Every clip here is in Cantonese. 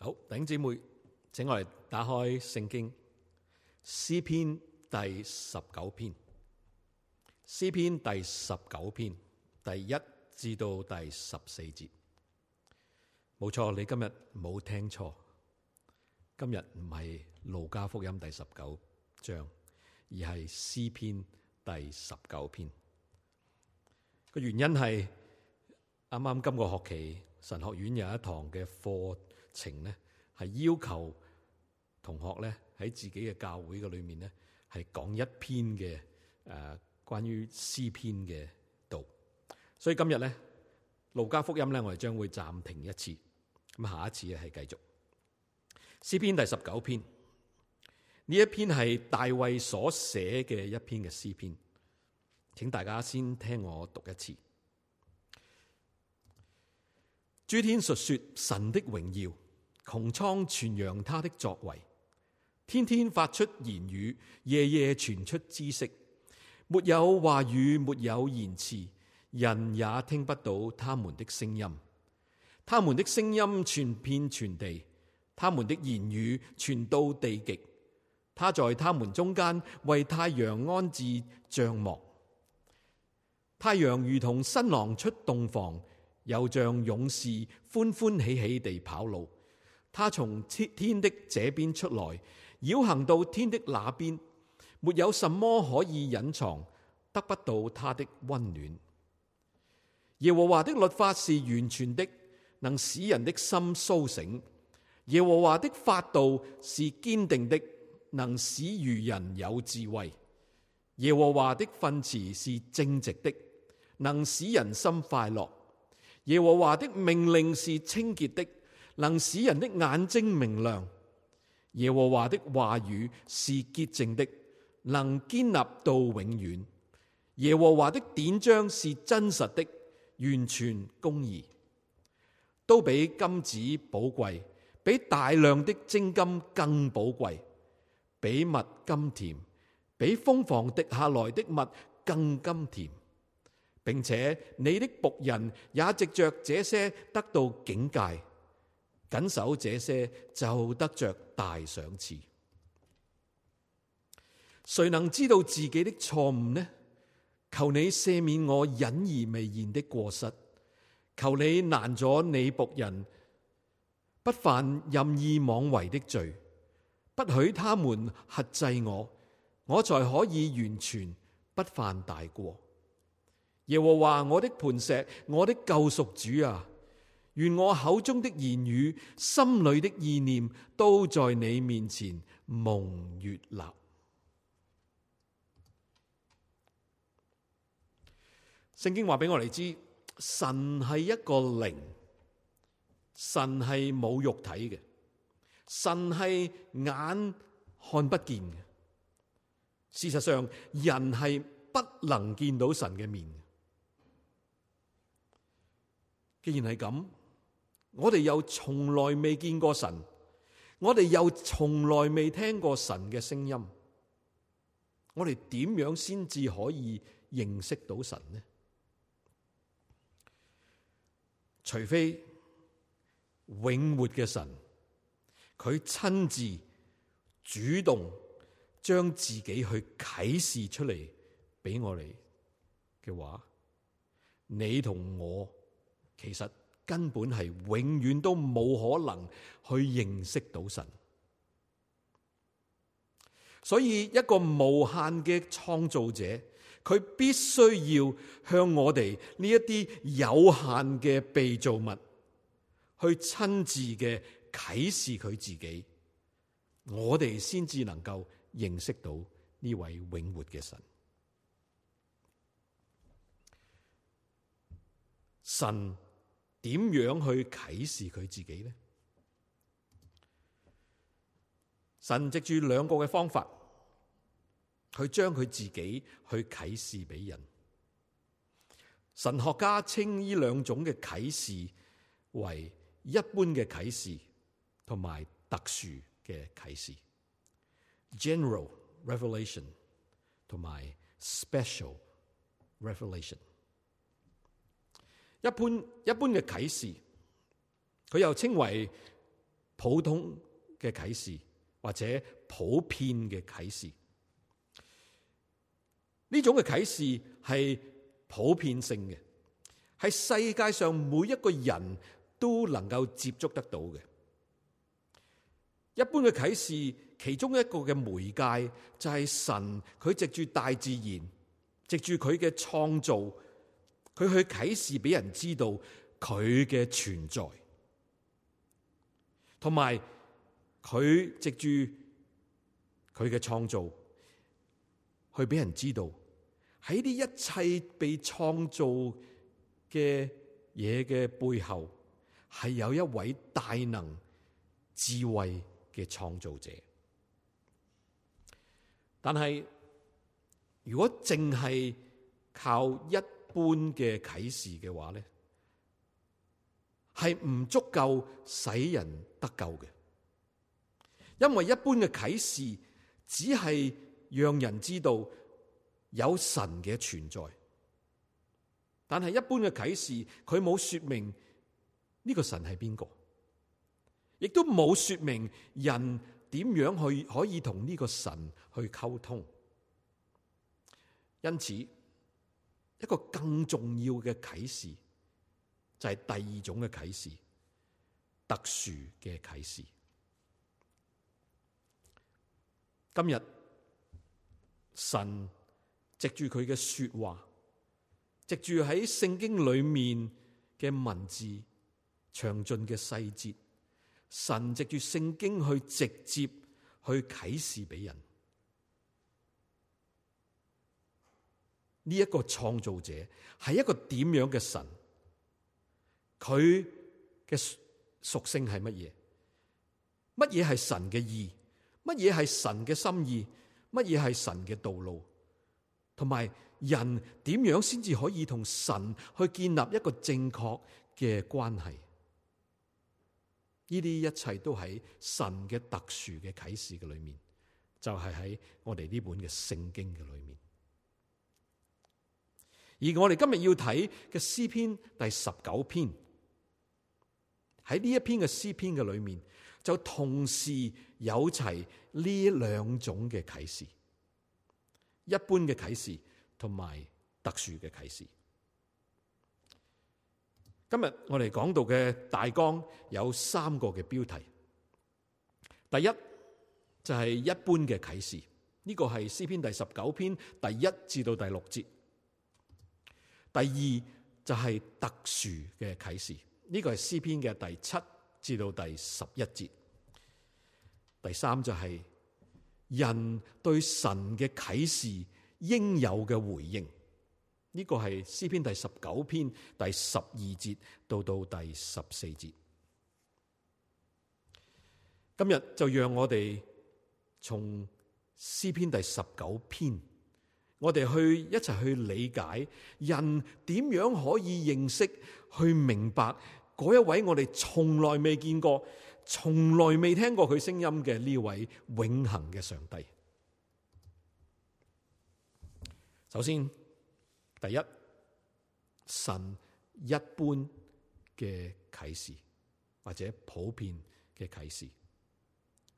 好，弟兄姊妹，請我嚟，打開聖經詩篇第十九篇。詩篇第十九篇第一至到第十四節。冇錯，你今日冇聽錯。今日唔係路加福音第十九章，而係詩篇第十九篇。個原因係啱啱今個學期神學院有一堂嘅課。情呢，係要求同學咧喺自己嘅教會嘅裏面呢，係講一篇嘅、誒關於詩篇嘅道，所以今日呢，路家福音呢，我哋將會暫停一次，咁下一次咧係繼續。詩篇第十九篇呢一篇係大衛所寫嘅一篇嘅詩篇，請大家先聽我讀一次。諸天述說神的榮耀，穹蒼傳揚他的作為，天天發出言語，夜夜傳出知識。沒有話語，沒有言辭，人也聽不到他們的聲音。他們的聲音傳遍全地，他們的言語傳到地極。他在他們中間為太陽安置帳幕，太陽如同新郎出洞房，又像勇士歡歡喜喜地跑路。他從天的這邊出來，繞行到天的那邊，沒有什麼可以隱藏，得不到他的温暖。耶和華的律法是完全的，能使人的心蘇醒；耶和華的法度是堅定的，能使愚人有智慧；耶和華的訓詞是正直的，能使人心快樂；耶和華的命令是清潔的。能使人的眼睛明亮。耶和華的話語是潔淨的，能建立到永遠。耶和華的典章是真實的，完全公義，都比金子寶貴，比大量的精金更寶貴，比蜜甘甜，比蜂房滴下來的蜜更甘甜，並且你的僕人也藉着這些得到警戒。謹守這些就得着大賞賜。誰能知道自己的錯誤呢？求你赦免我隱而未現的過失，求你攔阻你僕人不犯任意妄為的罪，不許他們轄制我，我才可以完全不犯大過。耶和華我的磐石，我的救贖主啊！.願我口中的言語、心裏的意念，都在你面前蒙悅納。聖經話俾我哋知，神係一個靈，神係冇肉體嘅，神係眼看不見嘅。事實上，人係不能見到神嘅面。既然係咁。我哋又從來未見過神，我哋又從來未聽過神嘅聲音。我哋點樣先至可以認識到神呢？除非永活嘅神，佢親自主動將自己去啟示出嚟俾我哋嘅話，你同我其實。根本係永遠都冇可能去認識到神，所以一個無限嘅創造者，佢必須要向我哋呢一啲有限嘅被造物去親自嘅啟示佢自己，我哋先至能夠認識到呢位永活嘅神，神。點樣去啟示佢自己呢？神藉住兩個嘅方法去將佢自己去啟示俾人。神學家稱呢兩種嘅啟示為一般嘅啟示同埋特殊嘅啟示 （general revelation） 同埋 （special revelation）。一般一般嘅啟示，佢又稱為普通嘅啟示或者普遍嘅啟示。呢種嘅啟示係普遍性嘅，係世界上每一個人都能夠接觸得到嘅。一般嘅啟示，其中一個嘅媒介就係神，佢藉住大自然，藉住佢嘅創造。佢去啟示俾人知道佢嘅存在，同埋佢藉住佢嘅創造去俾人知道，喺呢一切被創造嘅嘢嘅背後，係有一位大能智慧嘅創造者。但係如果淨係靠一般嘅啟示嘅話咧，係唔足夠使人得救嘅，因為一般嘅啟示只係讓人知道有神嘅存在，但係一般嘅啟示，佢冇說明呢個神係邊個，亦都冇說明人點樣去可以同呢個神去溝通，因此，一個更重要嘅啟示，就係第二種嘅啟示，特殊嘅啟示。今日神藉住佢嘅說話，藉住喺聖經裏面嘅文字詳盡嘅細節，神藉住聖經去直接去啟示俾人。呢一個創造者係一個點樣嘅神？佢嘅屬性係乜嘢？乜嘢係神嘅意？乜嘢係神嘅心意？乜嘢係神嘅道路？同埋人點樣先至可以同神去建立一個正確嘅關係？呢啲一切都喺神嘅特殊嘅啟示嘅裏面，就係喺我哋呢本嘅聖經嘅裏面。而我哋今日要睇嘅詩篇第十九篇，喺呢一篇嘅詩篇嘅裏面，就同時有齊呢兩種嘅啟示：一般嘅啟示同埋特殊嘅啟示。今日我哋講到嘅大綱有三個嘅標題，第一就係一般嘅啟示，呢個係詩篇第十九篇第一至到第六節。第二就係、是、特殊嘅啟示，呢、這個係詩篇嘅第七至到第十一節。第三就係、是、人對神嘅啟示應有嘅回應，呢、這個係詩篇第十九篇第十二節到到第十四節。今日就讓我哋從詩篇第十九篇。我哋去一齊去理解人點樣可以認識、去明白嗰一位我哋從來未見過、從來未聽過佢聲音嘅呢位永恒嘅上帝。首先，第一，神一般嘅啟示或者普遍嘅啟示，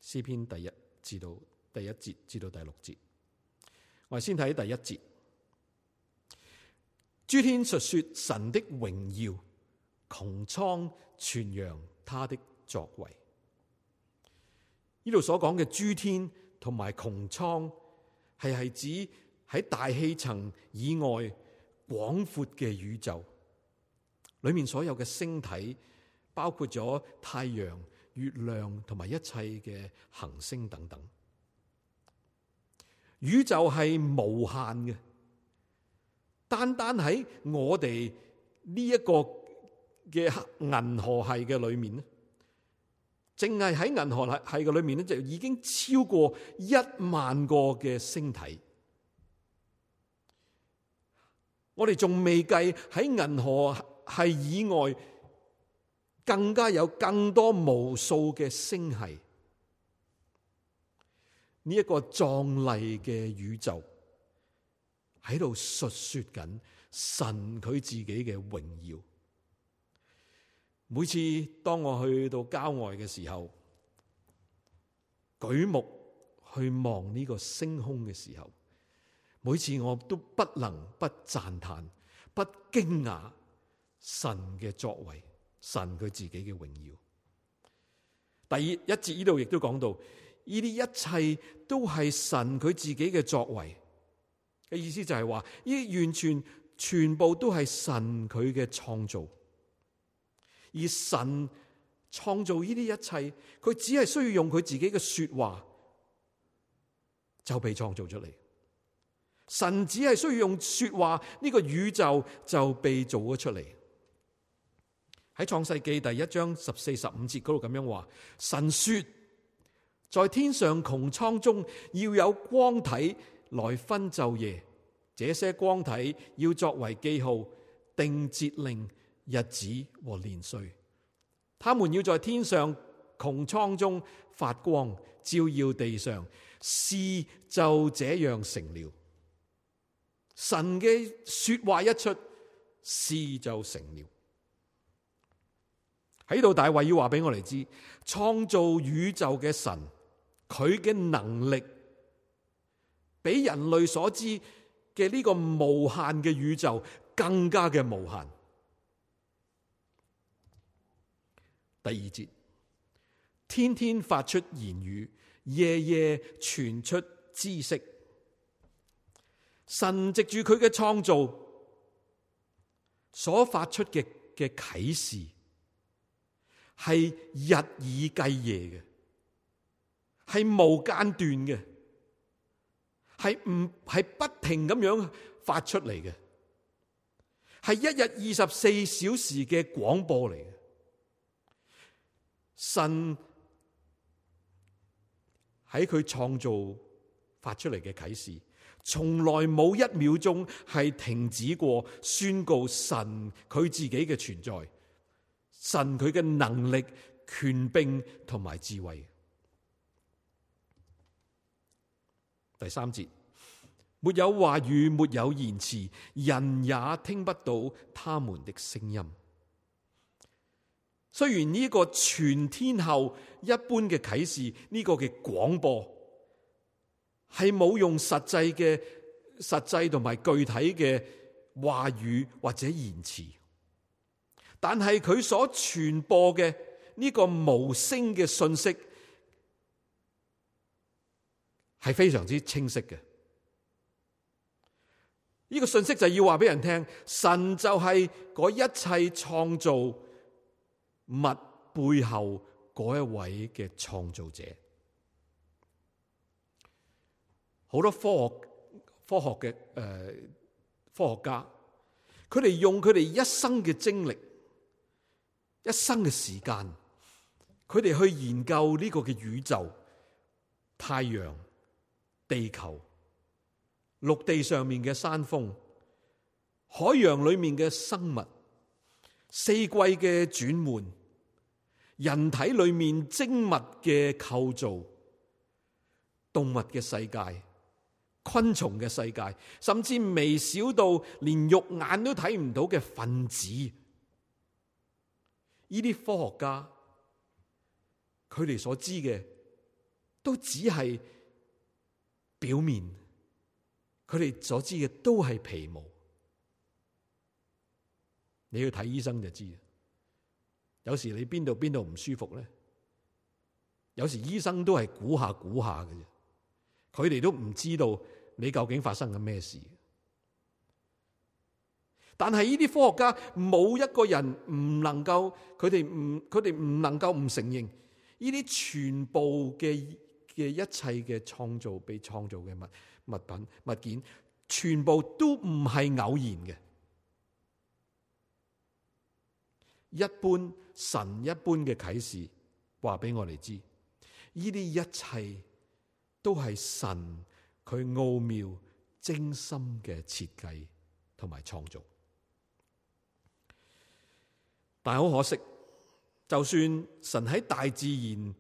詩篇第一至到第一節至到第六節。我先睇第一節，諸天述說神的榮耀，穹蒼傳揚他的作為。呢度所講嘅諸天同埋穹蒼，係係指喺大氣層以外廣闊嘅宇宙，裏面所有嘅星體，包括咗太陽、月亮同埋一切嘅行星等等。宇宙係無限嘅，單單喺我哋呢一個嘅銀河系嘅裏面咧，淨係喺銀河系嘅裏面咧，就已經超過一萬個嘅星體。我哋仲未計喺銀河系以外更加有更多無數嘅星系。呢一個壯麗嘅宇宙喺度述說緊神佢自己嘅榮耀。每次當我去到郊外嘅時候，舉目去望呢個星空嘅時候，每次我都不能不讚嘆、不驚訝神嘅作為，神佢自己嘅榮耀。第二一節呢度亦都講到。呢啲一切都係神佢自己嘅作為嘅，意思就係話呢，完全全部都係神佢嘅創造，而神創造呢啲一切，佢只係需要用佢自己嘅說話就被創造出嚟。神只係需要用說話，呢個宇宙就被造咗出嚟。喺創世記第一章十四、十五節嗰度咁樣話，神說。在天上穹蒼中要有光體來分晝夜，這些光體要作為記號，定節令、日子和年歲。他們要在天上穹蒼中發光，照耀地上。事就這樣成了。神嘅說話一出，事就成了。喺度，大衛要話俾我哋知，創造宇宙嘅神。佢嘅能力比人類所知嘅呢個無限嘅宇宙更加嘅無限。第二節，天天發出言語，夜夜傳出知識。神藉住佢嘅創造所發出嘅嘅啟示，係日以繼夜嘅。係無間斷嘅，係唔係不停咁樣發出嚟嘅，係一日二十四小時嘅廣播嚟嘅。神喺佢創造發出嚟嘅啟示，從來冇一秒鐘係停止過宣告神佢自己嘅存在，神佢嘅能力、權柄同埋智慧。第三節，沒有話語，沒有言辭，人也聽不到他們的聲音。雖然呢個全天候一般嘅啟示，呢、呢個嘅廣播係冇用實際嘅、實際同埋具體嘅話語或者言辭，但係佢所傳播嘅呢個無聲嘅信息。係非常之清晰嘅，呢個信息就係要話俾人聽，神就係嗰一切創造物背後嗰一位嘅創造者。好多科學科學嘅誒、呃、科學家，佢哋用佢哋一生嘅精力、一生嘅時間，佢哋去研究呢個嘅宇宙、太陽。地球、陸地上面嘅山峰、海洋裏面嘅生物、四季嘅轉換、人體裏面精密嘅構造、動物嘅世界、昆蟲嘅世界，甚至微小到連肉眼都睇唔到嘅分子，呢啲科學家佢哋所知嘅都只係，表面，佢哋所知嘅都係皮毛，你要睇醫生就知。有時你邊度邊度唔舒服咧，有時醫生都係估下估下嘅啫，佢哋都唔知道你究竟發生緊咩事。但係呢啲科學家冇一個人唔能夠，佢哋唔佢哋唔能夠唔承認呢啲全部嘅。嘅一切嘅創造，被創造嘅物物品物件，全部都唔係偶然嘅。一般神一般嘅啟示，話俾我哋知，呢啲一切都係神佢奧妙精心嘅設計同埋創造。但係好可惜，就算神喺大自然。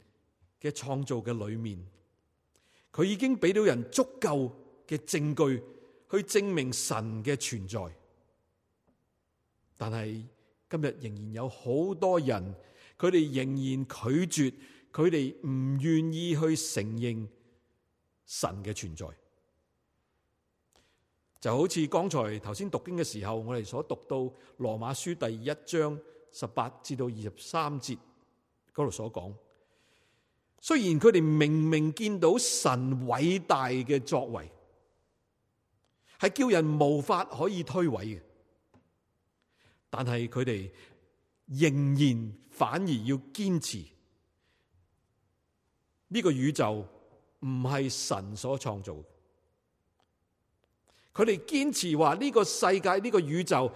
嘅創造嘅裏面，佢已經俾到人足夠嘅證據去證明神嘅存在，但係今日仍然有好多人，佢哋仍然拒絕，佢哋唔願意去承認神嘅存在，就好似剛才頭先讀經嘅時候，我哋所讀到羅馬書第一章十八至到二十三節嗰度所講。雖然佢哋明明見到神偉大嘅作為，係叫人無法可以推諉嘅，但係佢哋仍然反而要堅持呢個宇宙唔係神所創造嘅。佢哋堅持話呢個世界、呢個宇宙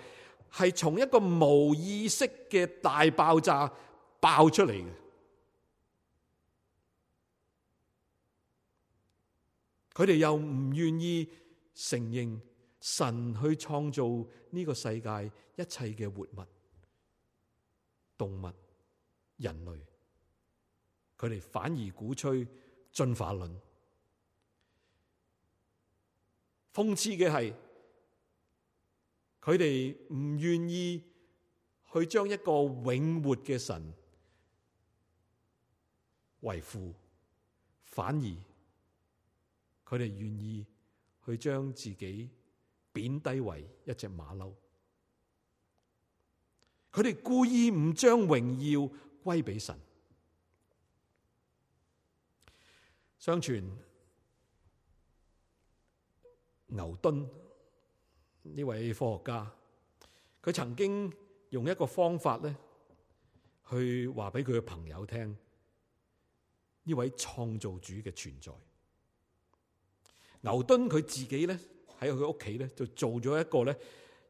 係從一個無意識嘅大爆炸爆出嚟嘅。佢哋又唔願意承認神去創造呢個世界一切嘅活物、動物、人類，佢哋反而鼓吹進化論。諷刺嘅係，佢哋唔願意去將一個永活嘅神為父，反而。佢哋願意去將自己貶低為一隻馬騮，佢哋故意唔將榮耀歸俾神。相傳牛頓呢位科學家，佢曾經用一個方法咧，去話俾佢嘅朋友聽呢位創造主嘅存在。牛頓佢自己咧，喺佢屋企咧，就做咗一個咧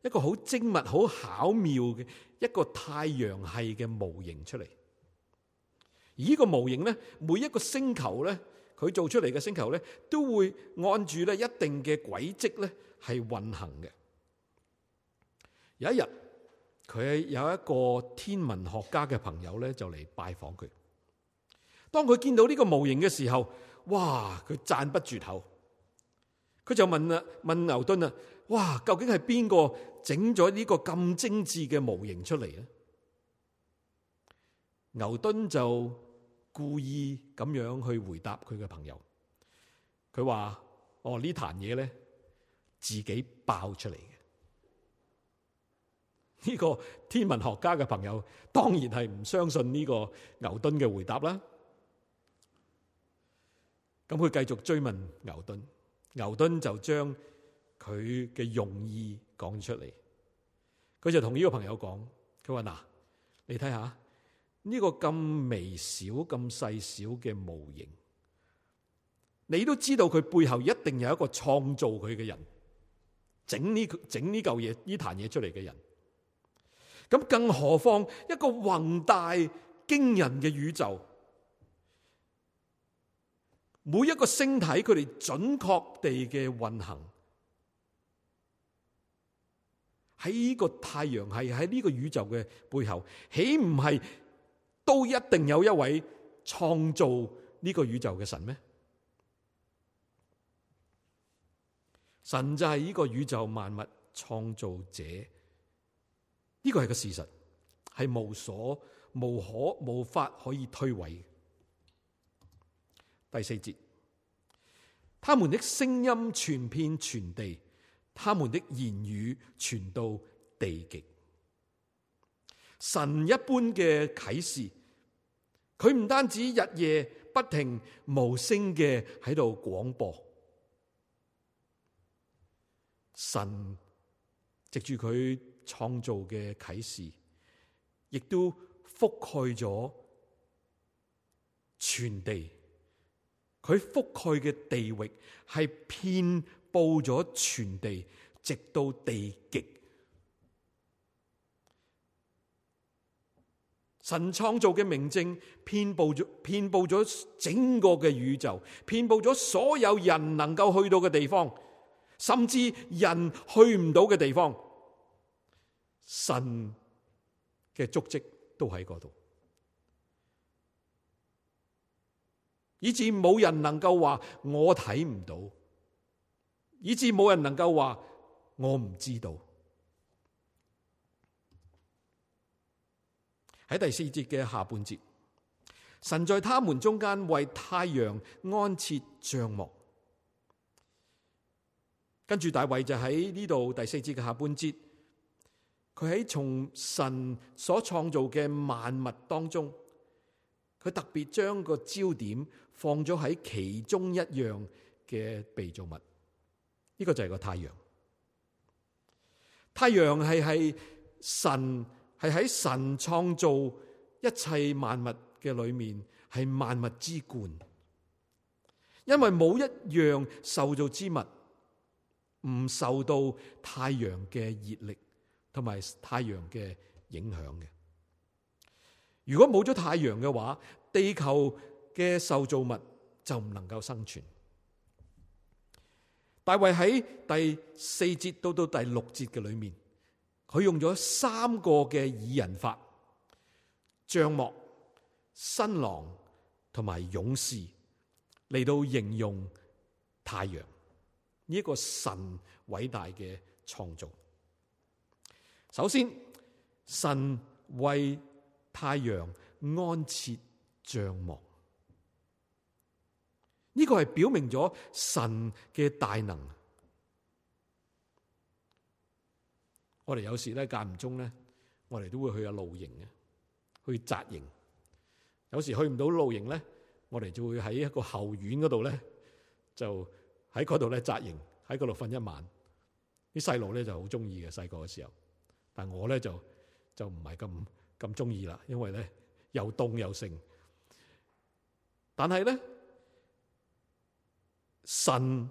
一個好精密、好巧妙嘅一個太陽系嘅模型出嚟。而呢個模型咧，每一個星球咧，佢做出嚟嘅星球咧，都會按住咧一定嘅軌跡咧係運行嘅。有一日，佢有一個天文學家嘅朋友咧就嚟拜訪佢。當佢見到呢個模型嘅時候，哇！佢讚不絕口。佢就問問牛頓啊，哇，究竟係邊個整咗呢個咁精緻嘅模型出嚟啊？牛頓就故意咁樣去回答佢嘅朋友，佢話：哦，呢壇嘢咧，自己爆出嚟嘅。呢、呢個天文學家嘅朋友當然係唔相信呢個牛頓嘅回答啦。咁佢繼續追問牛頓。牛頓就將佢嘅用意講出嚟，佢就同呢個朋友講，佢話嗱，你睇下呢個咁微小、咁細小嘅模型，你都知道佢背後一定有一個創造佢嘅人，整呢整呢嚿嘢、呢壇嘢出嚟嘅人，咁更何況一個宏大驚人嘅宇宙。每一個星體佢哋準確地嘅運行，喺呢個太陽系喺呢個宇宙嘅背後，豈唔係都一定有一位創造呢個宇宙嘅神咩？神就係呢個宇宙萬物創造者，呢、這個係個事實，係無所、無可、無法可以推諉嘅。第四節，他們的聲音傳遍全地，他們的言語傳到地極。神一般嘅啟示，佢唔單止日夜不停無聲嘅喺度廣播，神藉住佢創造嘅啟示，亦都覆蓋咗全地。佢覆蓋嘅地域係遍布咗全地，直到地極。神創造嘅明證，遍布咗、遍布咗整個嘅宇宙，遍布咗所有人能夠去到嘅地方，甚至人去唔到嘅地方，神嘅足迹都喺嗰度。以至冇人能夠話我睇唔到，以至冇人能夠話我唔知道。喺第四節嘅下半節，神在他們中間為太陽安設帳幕。跟住大衛就喺呢度第四節嘅下半節，佢喺從神所創造嘅萬物當中，佢特別將個焦點。放咗喺其中一樣嘅被造物，呢、呢個就係個太陽。太陽係係神係喺神創造一切萬物嘅裏面係萬物之冠，因為冇一樣受造之物唔受到太陽嘅熱力同埋太陽嘅影響嘅。如果冇咗太陽嘅話，地球。嘅受造物就唔能夠生存。大衛喺第四節到到第六節嘅裏面，佢用咗三個嘅擬人法：帳幕、新郎同埋勇士嚟到形容太陽呢一個神偉大嘅創造。首先，神為太陽安設帳幕。呢個係表明咗神嘅大能。我哋有時咧間唔中咧，我哋都會去下露營嘅，去紮營。有時去唔到露營咧，我哋就會喺一個後院嗰度咧，就喺嗰度咧紮營，喺嗰度瞓一晚。啲細路咧就好中意嘅，細個嘅時候。但我咧就就唔係咁咁中意啦，因為咧又凍又剩。但係咧。神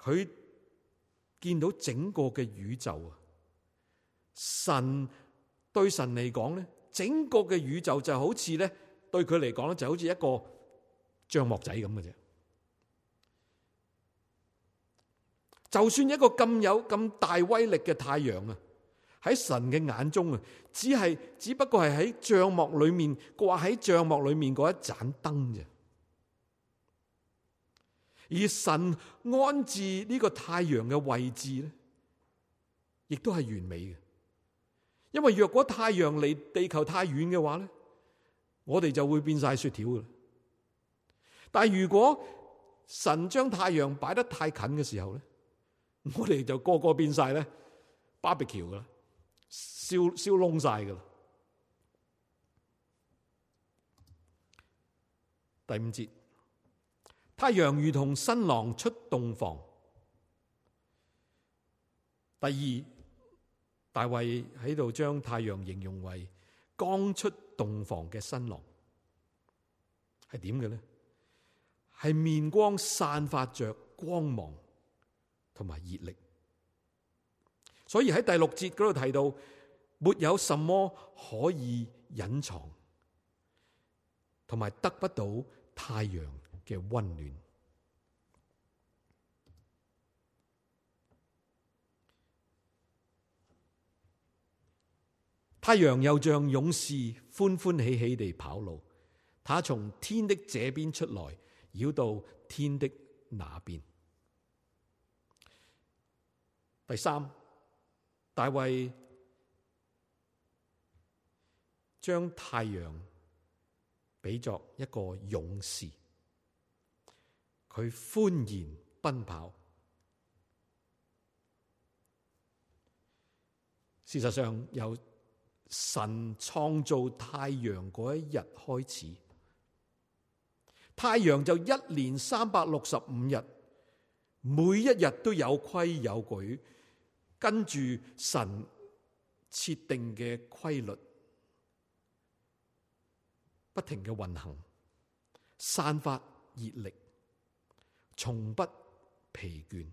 佢見到整個嘅宇宙啊！神對神嚟講咧，整個嘅宇宙就好似咧，對佢嚟講咧，就好似一個帳幕仔咁嘅啫。就算一個咁有咁大威力嘅太陽啊，喺神嘅眼中啊，只係只不過係喺帳幕裏面掛喺帳幕裏面嗰一盞燈啫。而神安置呢個太陽嘅位置咧，亦都係完美嘅。因為若果太陽離地球太遠嘅話咧，我哋就會變晒雪條噶啦。但係如果神將太陽擺得太近嘅時候咧，我哋就個個變晒咧 BBQ 噶啦，燒燒燶晒噶啦。第五節。太陽如同新郎出洞房。第二，大衛喺度將太陽形容為剛出洞房嘅新郎，係點嘅呢？係面光散發着光芒同埋熱力。所以喺第六節嗰度提到，沒有什麼可以隱藏，同埋得不到太陽嘅溫暖，太陽又像勇士，歡歡喜喜地跑路。他從天的這邊出來，繞到天的那邊。第三，大衛將太陽比作一個勇士。佢歡然奔跑。事實上，由神創造太陽嗰一日開始，太陽就一年三百六十五日，每一日都有規有矩，跟住神設定嘅規律，不停嘅運行，散發熱力。從不疲倦，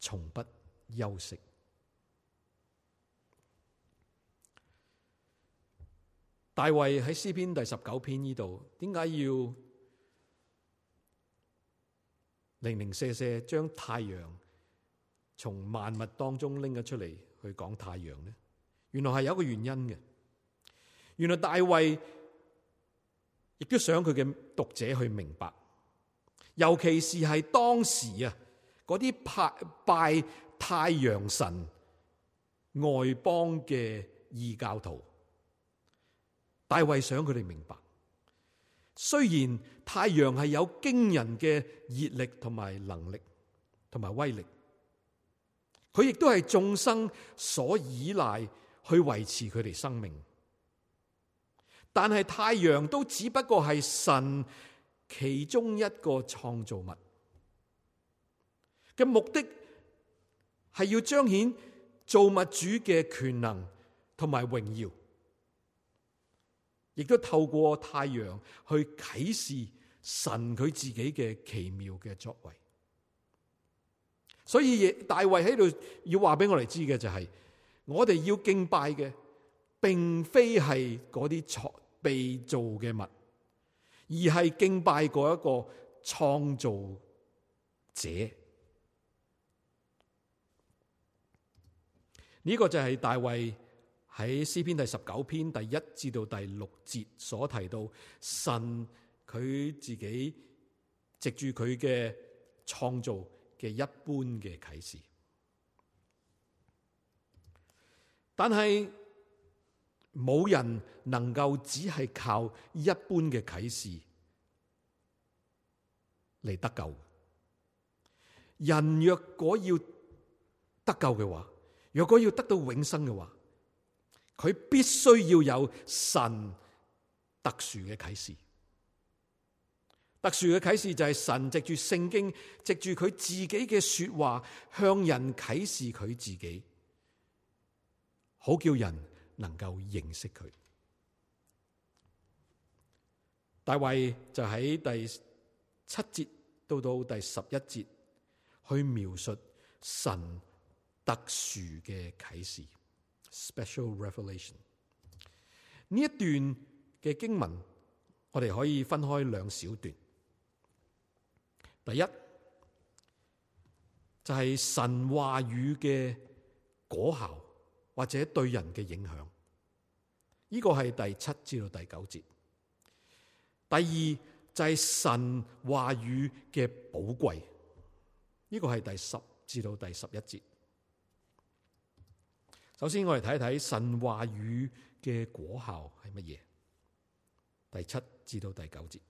從不休息。大衛喺詩篇第十九篇呢度，點解要零零舍舍將太陽從萬物當中拎咗出嚟去講太陽呢？原來係有一個原因嘅。原來大衛亦都想佢嘅讀者去明白。尤其是係當時啊，嗰啲拜拜太陽神外邦嘅異教徒，大衛想佢哋明白，雖然太陽係有驚人嘅熱力同埋能力同埋威力，佢亦都係眾生所依賴去維持佢哋生命，但係太陽都只不過係神。其中一個創造物嘅目的係要彰顯造物主嘅權能同埋榮耀，亦都透過太陽去啟示神佢自己嘅奇妙嘅作為。所以大衛喺度要話俾我哋知嘅就係，我哋要敬拜嘅，並非係嗰啲被造嘅物。而係敬拜過一個創造者，呢個就係大衛喺詩篇第十九篇第一至到第六節所提到，神佢自己藉住佢嘅創造嘅一般嘅啟示，但係。冇人能夠只係靠一般嘅啟示嚟得救。人若果要得救嘅話，若果要得到永生嘅話，佢必須要有神特殊嘅啟示。特殊嘅啟示就係神藉住聖經、藉住佢自己嘅說話向人啟示佢自己，好叫人。能夠認識佢，大衛就喺第七節到到第十一節去描述神特殊嘅啟示 （special revelation）。呢一段嘅經文，我哋可以分開兩小段。第一就係神話語嘅果效，或者對人嘅影響。呢個係第七至到第九節。第二就係神話語嘅寶貴，呢個係第十至到第十一節。首先我哋睇睇神話語嘅果效係乜嘢？第七至到第九節。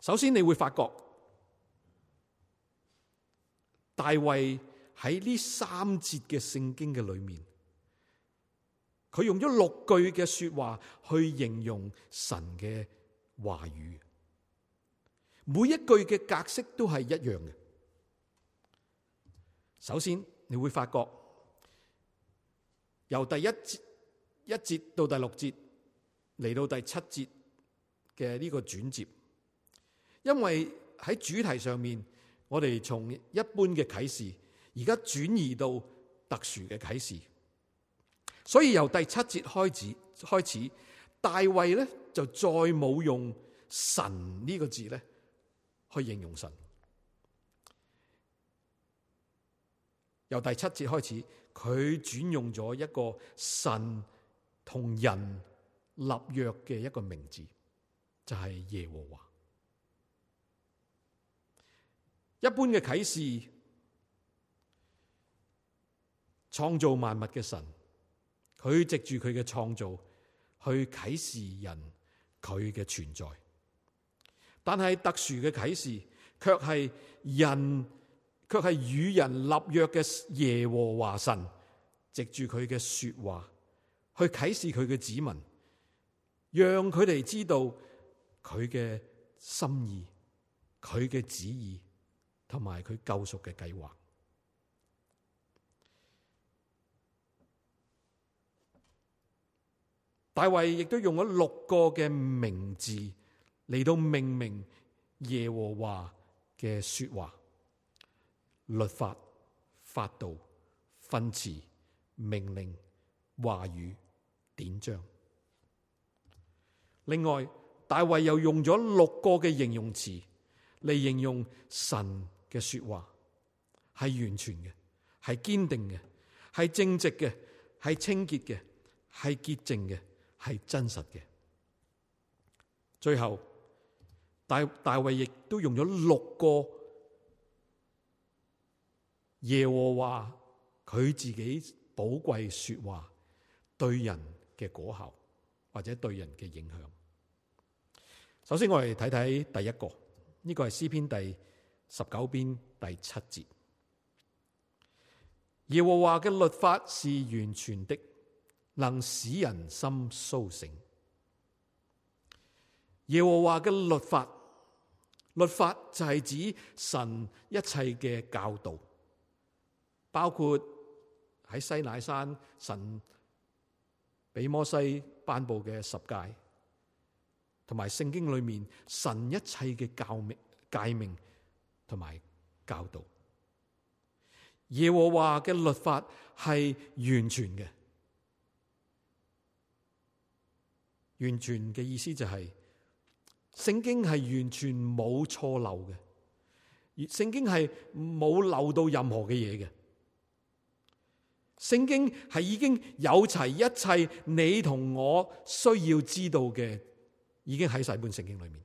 首先你會發覺大衛。喺呢三節嘅聖經嘅裏面，佢用咗六句嘅說話去形容神嘅話語，每一句嘅格式都係一樣嘅。首先你會發覺，由第一節一節到第六節，嚟到第七節嘅呢個轉折，因為喺主題上面，我哋從一般嘅啟示。而家轉移到特殊嘅啟示，所以由第七節開始開始，大衛咧就再冇用神呢個字咧去形容神。由第七節開始，佢轉用咗一個神同人立約嘅一個名字，就係耶和華。一般嘅啟示。創造萬物嘅神，佢藉住佢嘅創造去啟示人佢嘅存在，但係特殊嘅啟示卻係人，卻係與人立約嘅耶和華神，藉住佢嘅說話去啟示佢嘅子民，讓佢哋知道佢嘅心意、佢嘅旨意同埋佢救贖嘅計劃。大衛亦都用咗六個嘅名字嚟到命名耶和華嘅說話、律法、法度、訓詞、命令、話語、典章。另外，大衛又用咗六個嘅形容詞嚟形容神嘅說話，係完全嘅，係堅定嘅，係正直嘅，係清潔嘅，係潔淨嘅。係真實嘅。最後，大大衛亦都用咗六個耶和華佢自己寶貴說話對人嘅果效，或者對人嘅影響。首先，我哋睇睇第一個，呢個係詩篇第十九篇第七節。耶和華嘅律法是完全的，能使人心蘇醒。耶和華嘅律法，律法就係指神一切嘅教導，包括喺西乃山神比摩西頒布嘅十誡，同埋聖經裏面神一切嘅教命、誡命同埋教導。耶和華嘅律法係完全嘅。完全嘅意思就係聖經係完全冇錯漏嘅，聖經係冇漏到任何嘅嘢嘅。聖經係已經有齊一切你同我需要知道嘅，已經喺晒本聖經裏面。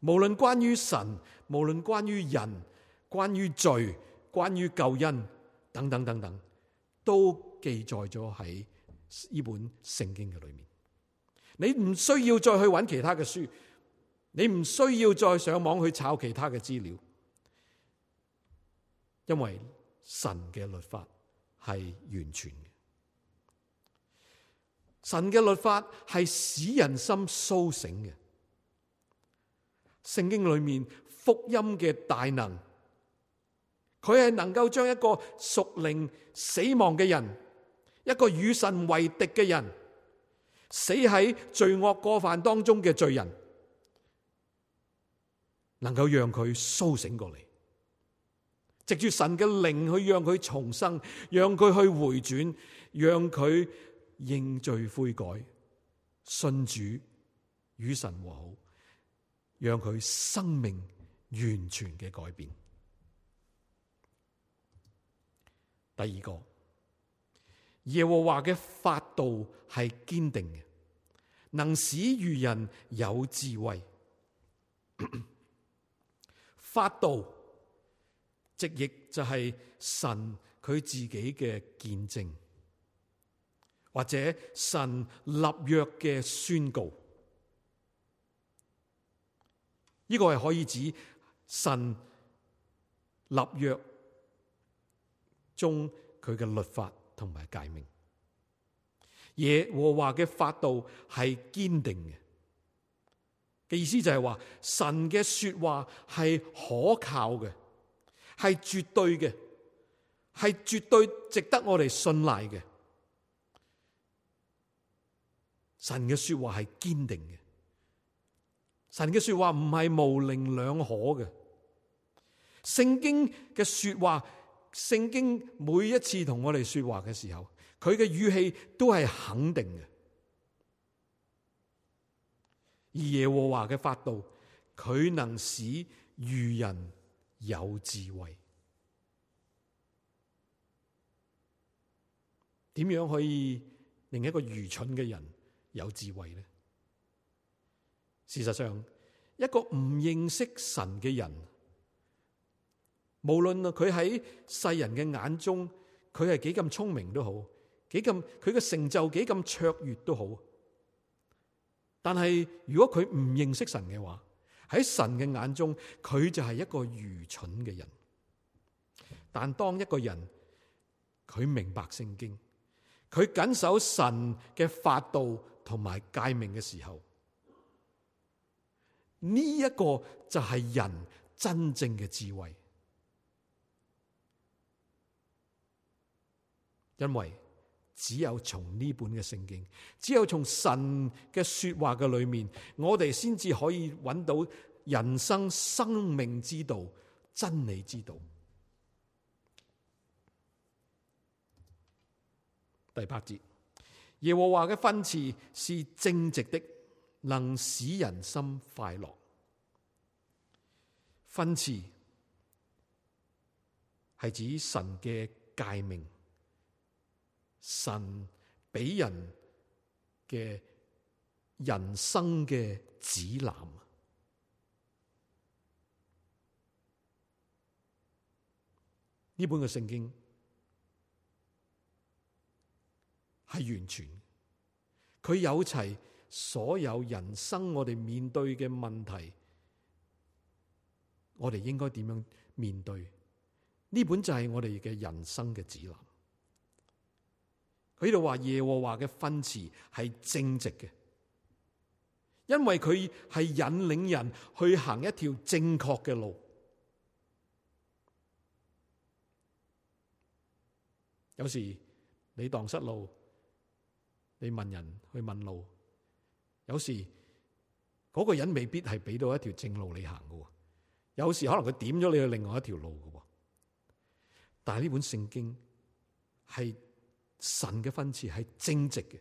無論關於神，無論關於人，關於罪，關於救恩，等等等等，都記載咗喺呢本聖經嘅裏面。你唔需要再去揾其他嘅書，你唔需要再上網去抄其他嘅資料，因為神嘅律法係完全嘅，神嘅律法係使人心蘇醒嘅。聖經裏面福音嘅大能，佢係能夠將一個屬靈死亡嘅人，一個與神為敵嘅人。死喺罪惡過犯當中嘅罪人，能夠讓佢蘇醒過嚟，藉住神嘅靈去讓佢重生，讓佢去回轉，讓佢認罪悔改，信主與神和好，讓佢生命完全嘅改變。第二個。耶和華嘅法度係堅定嘅，能使愚人有智慧。 法度直譯就係神佢自己嘅見證，或者神立約嘅宣告。呢、這個係可以指神立約中佢嘅律法。同埋誡命，耶和華嘅法度係堅定嘅。嘅意思就係話，神嘅說話係可靠嘅，係絕對嘅，係絕對值得我哋信賴嘅。神嘅說話係堅定嘅，神嘅說話唔係模棱兩可嘅。聖經嘅說話。聖經每一次同我哋說話嘅時候，佢嘅語氣都係肯定嘅。而耶和華嘅法度，佢能使愚人有智慧。點樣可以令一個愚蠢嘅人有智慧呢？事實上，一個唔認識神嘅人。無論佢喺世人嘅眼中，佢係幾咁聰明都好，幾咁佢嘅成就幾咁卓越都好。但係如果佢唔認識神嘅話，喺神嘅眼中佢就係一個愚蠢嘅人。但當一個人佢明白聖經，佢謹守神嘅法度同埋誡命嘅時候，呢、這、一個就係人真正嘅智慧。因為只有從呢本嘅聖經，只有從神嘅說話嘅裏面，我哋先至可以揾到人生生命之道、真理之道。第八節，耶和華嘅訓詞是正直的，能使人心快樂。訓詞係指神嘅誡命。神俾人嘅人生嘅指南，呢本嘅聖經係完全，佢有齊所有人生我哋面對嘅問題，我哋應該點樣面對？呢本就係我哋嘅人生嘅指南。佢呢度話耶和華嘅訓詞係正直嘅，因為佢係引領人去行一條正確嘅路。有時你蕩失路，你問人去問路，有時嗰個人未必係俾到一條正路你行嘅，有時可能佢點咗你去另外一條路嘅。但係呢本聖經係。神嘅分詞係正直嘅，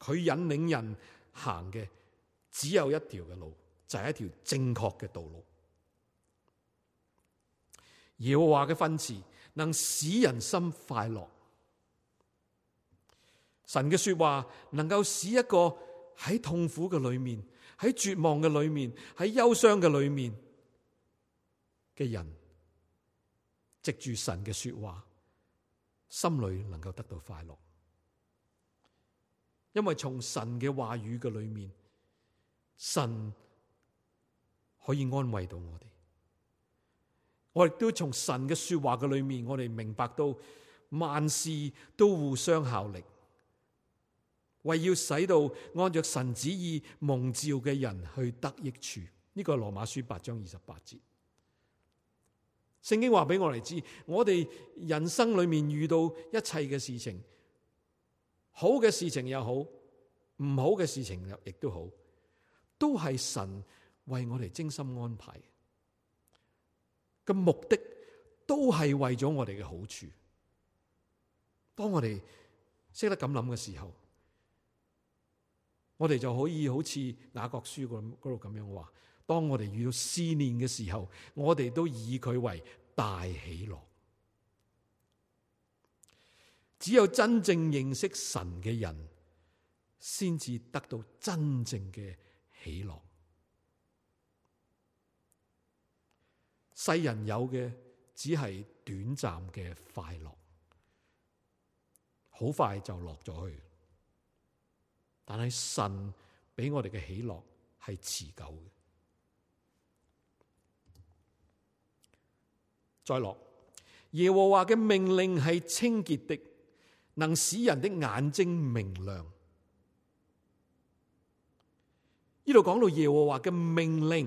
佢引領人行嘅只有一條嘅路，就係、是、一條正確嘅道路。耶和華嘅分詞能使人心快樂，神嘅說話能夠使一個喺痛苦嘅裏面、喺絕望嘅裏面、喺憂傷嘅裏面嘅人，藉住神嘅說話。心裏能夠得到快樂，因為從神嘅話語嘅裏面，神可以安慰到我哋。我亦都從神嘅說話嘅裏面，我哋明白到萬事都互相效力，為要使到按着神旨意蒙召嘅人去得益處。呢、這個係羅馬書八章二十八節。聖經話俾我哋知，我哋人生裏面遇到一切嘅事情，好嘅事情又好，唔好嘅事情又亦都好，都係神為我哋精心安排嘅目的，都係為咗我哋嘅好處。當我哋識得咁諗嘅時候，我哋就可以好似雅各書嗰度咁樣話。當我哋遇到思念嘅時候，我哋都以佢為大喜樂。只有真正認識神嘅人，先至得到真正嘅喜樂。世人有嘅，只係短暫嘅快樂，好快就落咗去。但係神俾我哋嘅喜樂係持久嘅。再落耶和華嘅命令係清潔的，能使人的眼睛明亮。呢度講到耶和華嘅命令，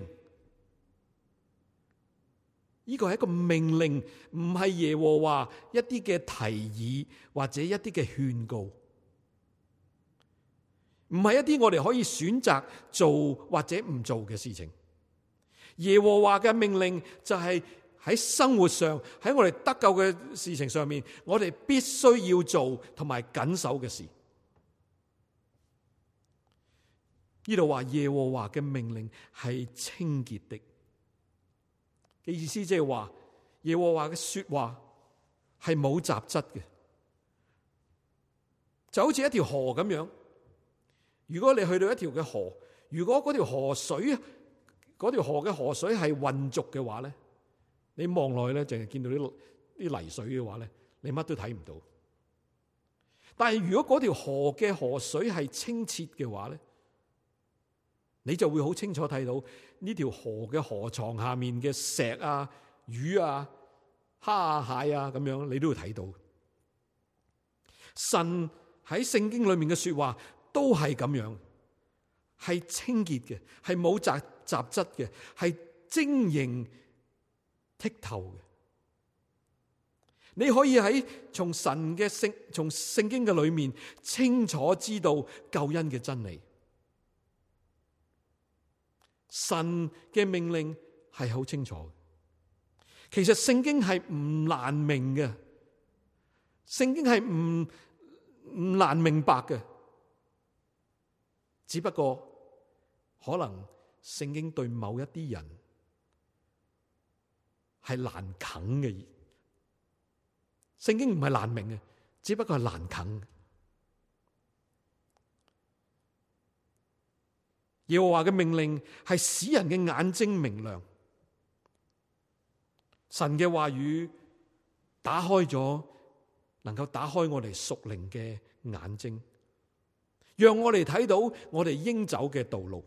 呢個係一個命令，唔係耶和華一啲嘅提議或者一啲嘅勸告，唔係一啲我哋可以選擇做或者唔做嘅事情。耶和華嘅命令就係、是。喺生活上，喺我哋得救嘅事情上面，我哋必須要做同埋緊守嘅事。呢度話耶和華嘅命令係清潔的嘅意思就是，即係話耶和華嘅說話係冇雜質嘅，就好似一條河咁樣。如果你去到一條嘅河，如果嗰條河水嗰條河嘅河水係混濁嘅話咧？你望落去咧，淨係見到啲啲泥水嘅話咧，你乜都睇唔到。但係如果嗰條河嘅河水係清澈嘅話咧，你就會好清楚睇到呢條河嘅河床下面嘅石啊、魚啊、蝦啊、蟹啊咁樣，你都會睇到。神喺聖經裏面嘅說話都係咁樣，係清潔嘅，係冇雜雜質嘅，係晶瑩剔透嘅，你可以喺從神嘅聖從聖經嘅裏面清楚知道救恩嘅真理。神嘅命令係好清楚嘅，其實聖經係唔難明嘅，聖經係唔唔難明白嘅，只不過可能聖經對某一啲人。係難啃嘅嘢，聖經唔係難明嘅，只不過係難啃。耶和華嘅命令係使人嘅眼睛明亮，神嘅話語打開咗，能夠打開我哋屬靈嘅眼睛，讓我哋睇到我哋應走嘅道路。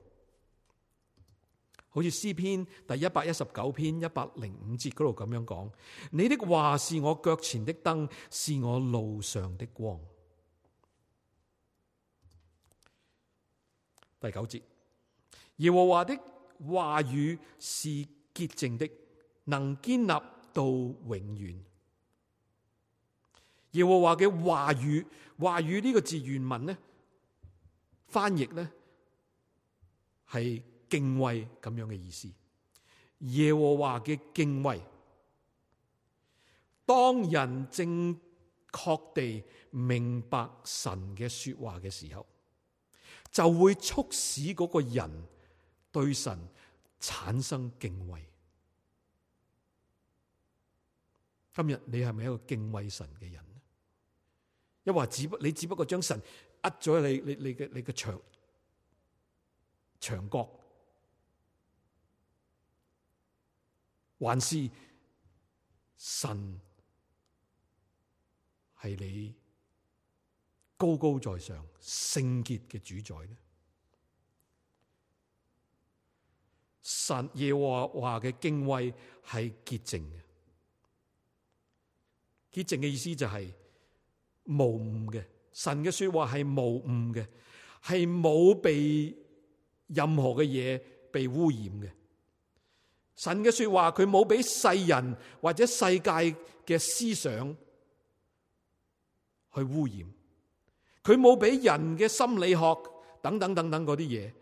好似詩篇第一百一十九篇一百零五節嗰度咁樣講，你的話是我腳前的燈，是我路上的光。第九節，耶和華的話語是潔淨的，能堅立到永遠。耶和華嘅話語，話語呢個字原文呢，翻譯呢係。敬畏咁樣嘅意思，耶和華嘅敬畏，當人正確地明白神嘅說話嘅時候，就會促使嗰個人對神產生敬畏。今日你係咪一個敬畏神嘅人呢？因為只不你只不過將神呃咗你，你你嘅你嘅牆牆角。還是神係你高高在上聖潔嘅主宰呢？神耶和華嘅敬畏係潔淨嘅，潔淨嘅意思就係、是、無誤嘅。神嘅說話係無誤嘅，係冇被任何嘅嘢被污染嘅。神嘅說話佢冇俾世人或者世界嘅思想去污染，佢冇俾人嘅心理學等等等等，嗰啲嘢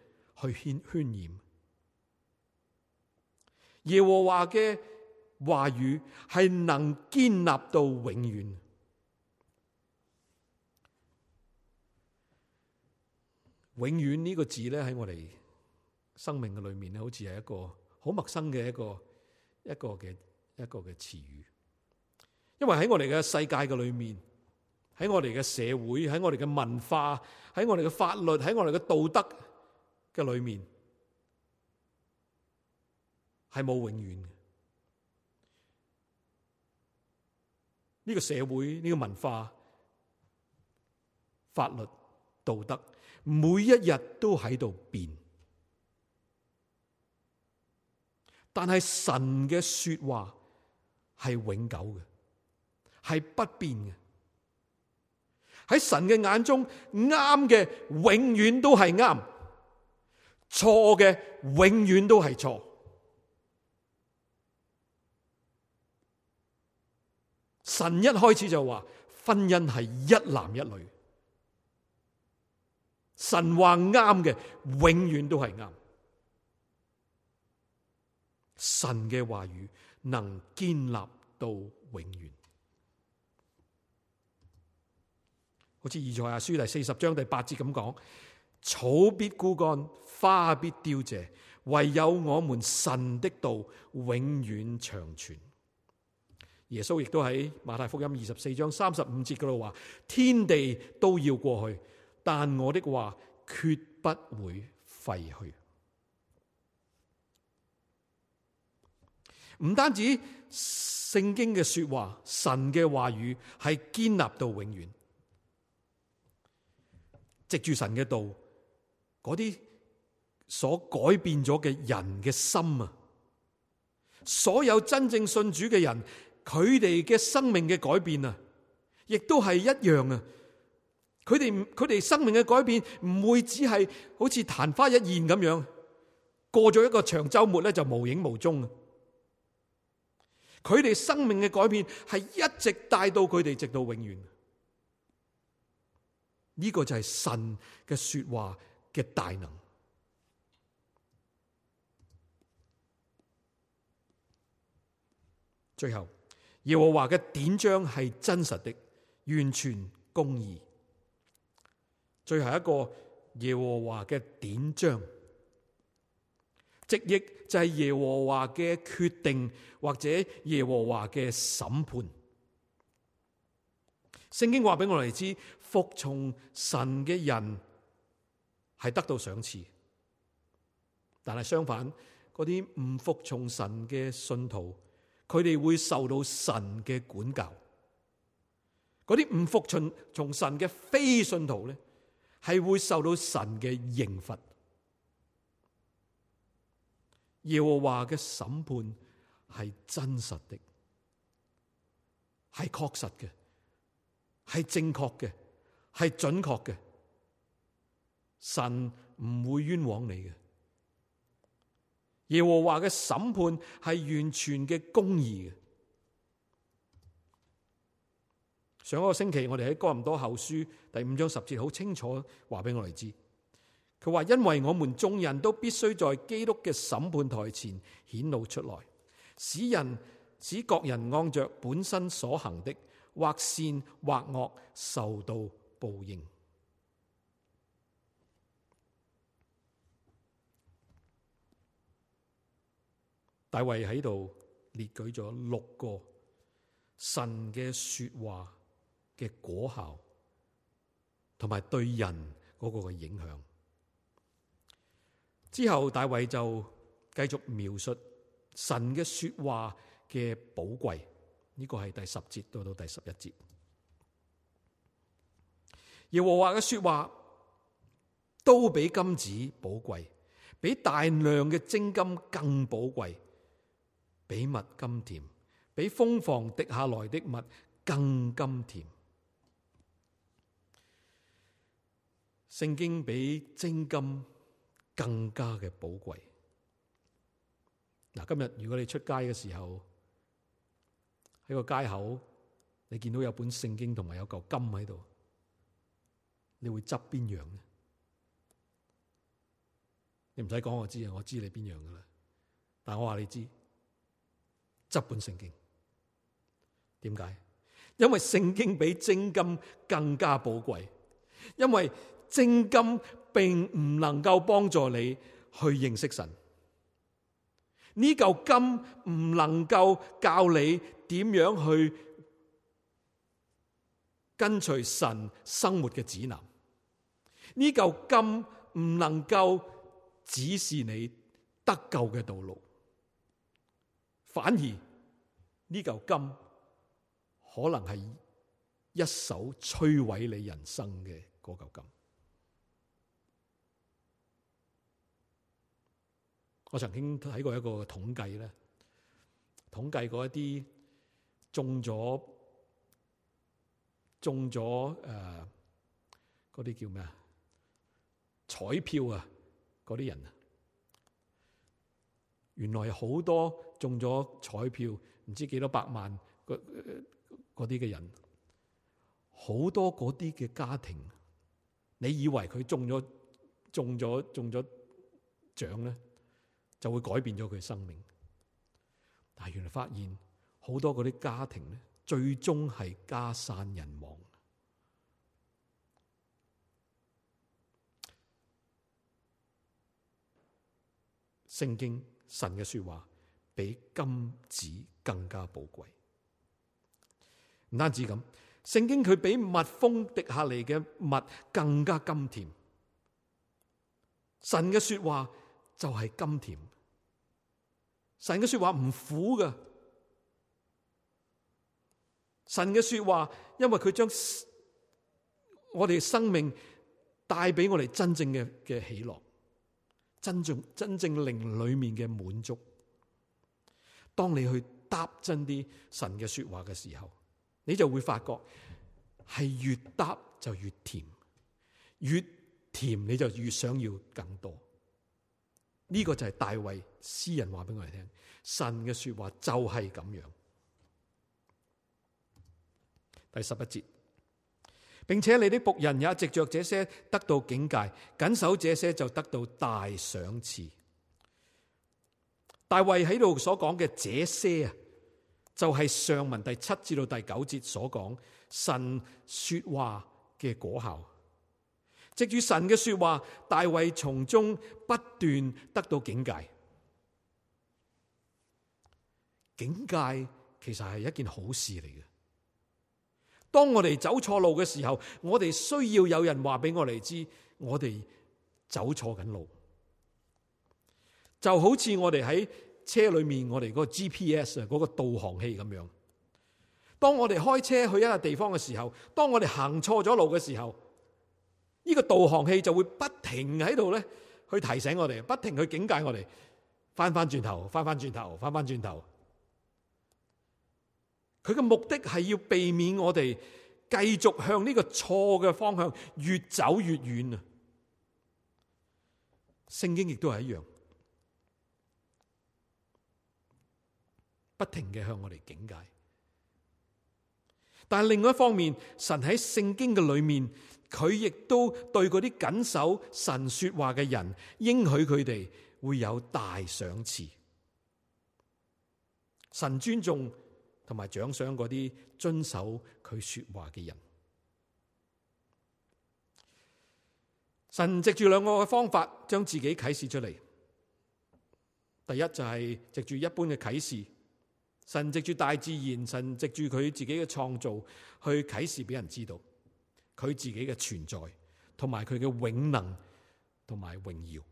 去渲渲染。耶和華嘅話語係能建立到永遠。永遠呢個字咧喺我哋生命嘅裏面咧，好似係一個。好陌生嘅一個一個嘅，一個嘅詞語，因為喺我哋嘅世界嘅裏面，喺我哋嘅社會，喺我哋嘅文化，喺我哋嘅法律，喺我哋嘅道德嘅裏面，係冇永遠嘅。呢個社會、呢個文化、法律、道德，每一日都喺度變。但係神嘅說話係永久嘅，係不變嘅。喺神嘅眼中，啱嘅永遠都係啱，錯嘅永遠都係錯。神一開始就話，婚姻係一男一女。神話啱嘅，永遠都係啱。神嘅話語能建立到永遠，好似以賽亞書第四十章第八節咁講：草必枯乾，花必凋謝，唯有我們神的道永遠長存。耶穌亦都喺馬太福音二十四章三十五節嗰度話：天地都要過去，但我的話決不會廢去。唔單止聖經嘅說話，神嘅話語係堅立到永遠。藉住神嘅道，嗰啲所改變咗嘅人嘅心啊，所有真正信主嘅人，佢哋嘅生命嘅改變啊，亦都係一樣啊。佢哋佢哋生命嘅改變唔會只係好似曇花一現咁樣，過咗一個長周末咧就無影無蹤啊！佢哋生命嘅改變係一直帶到佢哋直到永遠，呢個就係神嘅說話嘅大能。最後，耶和華嘅典章係真實的，完全公義。最後一個，耶和華嘅典章。直譯就係耶和華嘅決定或者耶和華嘅審判。聖經話俾我哋知，服從神嘅人係得到賞賜，但係相反，嗰啲唔服從神嘅信徒，佢哋會受到神嘅管教。嗰啲唔服從從神嘅非信徒咧，係會受到神嘅刑罰。耶和華嘅審判係真實的，係確實嘅，係正確嘅，係準確嘅。神唔會冤枉你嘅。耶和華嘅審判係完全嘅公義嘅。上一個星期我哋喺哥林多後書第五章十節好清楚話俾我哋知。佢話：因為我們眾人都必須在基督嘅審判台前顯露出來，使人使各人按着本身所行的，或善或惡，受到報應。大衛喺度列舉咗六個神嘅說話嘅果效，同埋對人嗰個嘅影響。之後，大衛就繼續描述神嘅說話嘅寶貴。呢個係第十節到到第十一節。耶和華嘅說話都比金子寶貴，比大量嘅精金更寶貴，比蜜甘甜，比蜂房滴下來的蜜更甘甜。聖經比精金，更加嘅寶貴。嗱，今日如果你出街嘅時候喺個街口，你見到有本聖經同埋有嚿金喺度，你會執邊樣咧？你唔使講，我知啊，我知你邊樣噶啦。但係我話你知，執本聖經。點解？因為聖經比精金更加寶貴，因為精金。並唔能夠幫助你去認識神，呢嚿金唔能夠教你點樣去跟隨神生活嘅指南，呢嚿金唔能夠指示你得救嘅道路，反而呢嚿金可能係一手摧毀你人生嘅嗰嚿金。我曾經睇過一個統計咧，統計過一啲中咗中咗誒嗰啲叫咩啊彩票啊嗰啲人啊，原來好多中咗彩票唔知幾多百萬嗰啲嘅人，好多嗰啲嘅家庭，你以為佢中咗中咗中咗獎咧？就會改變咗佢嘅生命，但係原來發現好多嗰啲家庭咧，最終係家散人亡。聖經神嘅說話比金子更加寶貴，唔單止咁，聖經佢比蜜蜂滴下嚟嘅蜜更加甘甜。神嘅說話。就係甘甜，神嘅說話唔苦噶神嘅說話，因為佢將我哋生命帶俾我哋真正嘅嘅喜樂，真正真正靈裏面嘅滿足。當你去嗒真啲神嘅說話嘅時候，你就會發覺係越嗒就越甜，越甜你就越想要更多。呢個就係大衛私人話俾我哋聽，神嘅說話就係咁樣。第十一節，並且你啲僕人也藉著這些，得到警戒，謹守這些就得到大賞賜。大衛喺度所講嘅這些啊，就係、是、上文第七至到第九節所講神說話嘅果效。藉住神嘅說話，大衛從中不斷得到警戒。警戒其實係一件好事嚟嘅。當我哋走錯路嘅時候，我哋需要有人話俾我哋知，我哋走錯緊路。就好似我哋喺車裏面，我哋個 GPS 啊，個導航器咁樣。當我哋開車去一個地方嘅時候，當我哋行錯咗路嘅時候。呢個導航器就會不停喺度咧，去提醒我哋，不停去警戒我哋，翻翻轉頭，翻翻轉頭，翻翻轉頭。佢嘅目的係要避免我哋繼續向呢個錯嘅方向越走越遠啊！聖經亦都係一樣，不停嘅向我哋警戒。但係另外一方面，神喺聖經嘅裏面。佢亦都對嗰啲謹守神說話嘅人，應許佢哋會有大賞賜。神尊重同埋獎賞嗰啲遵守佢說話嘅人。神藉住兩個嘅方法，將自己啟示出嚟。第一就係藉住一般嘅啟示，神藉住大自然，神藉住佢自己嘅創造去啟示俾人知道。佢自己嘅存在，同埋佢嘅永能，同埋榮耀，